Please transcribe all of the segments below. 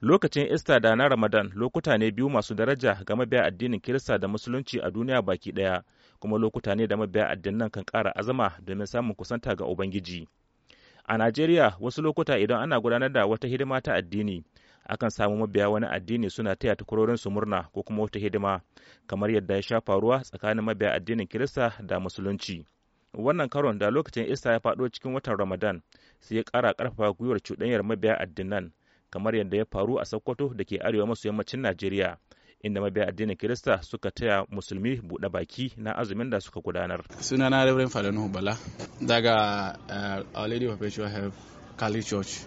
Lokacin Ista da na Ramadan lokuta ne biyu masu daraja ga mabiya addinin Kirista da Musulunci a duniya baki ɗaya, kuma lokuta ne da mabiya addinan kan ƙara azama domin samun kusanta ga Ubangiji. A Najeriya wasu lokuta idan ana gudanar da wata hidima ta addini, akan samu mabiya wani addini suna taya takwarorin su murna ko kuma wata hidima, kamar yadda ya sha faruwa tsakanin mabiya addinin Kirista da Musulunci. wannan karon da lokacin Ista ya faɗo cikin watan Ramadan sai ya ƙara ƙarfafa gwiwar cuɗanyar mabiya addinan kamar yadda ya faru a Sokoto da ke arewa maso yammacin Najeriya. inda mabiya addinin Kirista suka taya musulmi buɗe baki na azumin da suka gudanar. Sunana Reverend Falonu Bala daga eh, Our Lady of Perpetual Health Catholic Church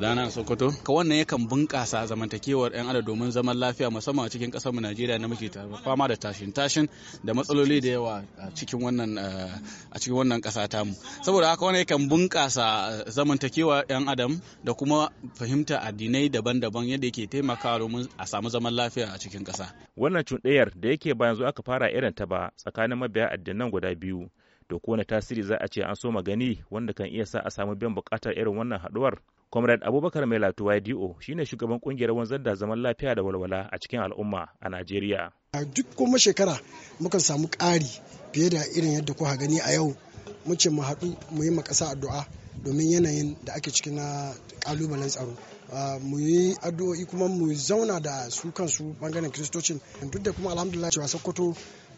dana sokoto ka wannan yakan bunƙasa zamantakewar yan adam domin zaman lafiya musamman a cikin mu najeriya na muke fama da tashin tashin da matsaloli da yawa a cikin wannan eh, a cikin wannan ƙasa mu saboda haka wannan yakan bunƙasa eh, zamantakewar yan adam da kuma fahimta addinai daban-daban yadda yake taimakawa domin a samu zaman lafiya a cikin ƙasa wannan cuɗayar da yake bayan zuwa aka fara irin ta ba tsakanin mabiya addinan guda biyu da kowane tasiri za a ce an so magani wanda kan iya sa a samu biyan bukatar irin wannan haɗuwar. Comrade Abubakar Melatu YDO shine shugaban kungiyar wanzar da zaman lafiya da walwala a cikin al'umma a Najeriya. A duk kuma shekara muka samu ƙari fiye da irin yadda kuka gani a yau mu ce mu haɗu mu yi makasa addu'a domin yanayin da ake cikin na ƙalubalen tsaro. mu yi addu'o'i kuma mu zauna da su kansu bangaren kiristocin duk da kuma alhamdulillah cewa sokoto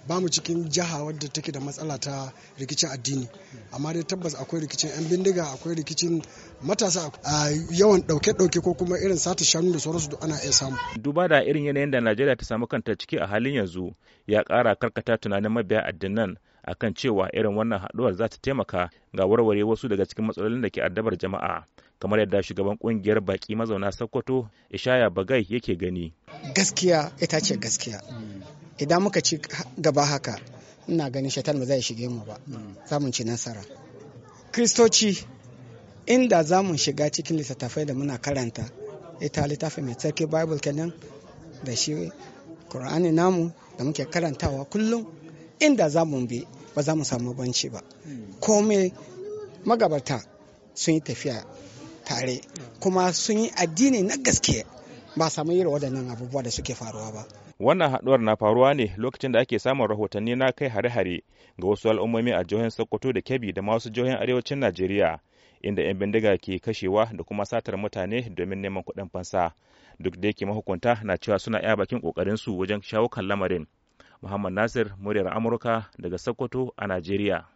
ba mu cikin jiha wadda take da matsala ta rikicin addini amma dai tabbas akwai rikicin 'yan bindiga akwai rikicin matasa a yawan ɗauke-ɗauke ko kuma irin sata shanu da sauransu ana iya samu duba da irin yanayin da najeriya ta samu kanta ciki a halin yanzu ya kara karkata tunanin mabiya addinan akan cewa irin wannan haduwar za ta taimaka ga warware wasu daga cikin matsalolin da ke addabar jama'a kamar yadda shugaban kungiyar baki mazauna sokoto ishaya bagai yake gani gaskiya ita ce gaskiya idan muka ci gaba haka ina ganin shaitan ba zai shige mu ba samun ci nasara kristoci inda za mu shiga cikin littattafai da muna karanta ita littafi mai tsarki bible kenan da shi Al-Qur'ani namu da muke karantawa kullum inda za mu bi ba za mu samu banci ba komai magabata sun yi tafiya tare kuma sun yi addini na gaske ba samu irin waɗannan abubuwa da suke faruwa ba. Wannan haɗuwar na faruwa ne lokacin da ake samun rahotanni na kai hare-hare ga wasu al'ummomi a jihohin Sokoto da Kebbi da masu jihohin arewacin Najeriya inda 'yan bindiga ke kashewa da kuma satar mutane domin neman kuɗin fansa. Duk da yake mahukunta na cewa suna iya bakin ƙoƙarin su wajen shawo kan lamarin. Muhammad Nasir, muryar Amurka daga Sokoto a Najeriya.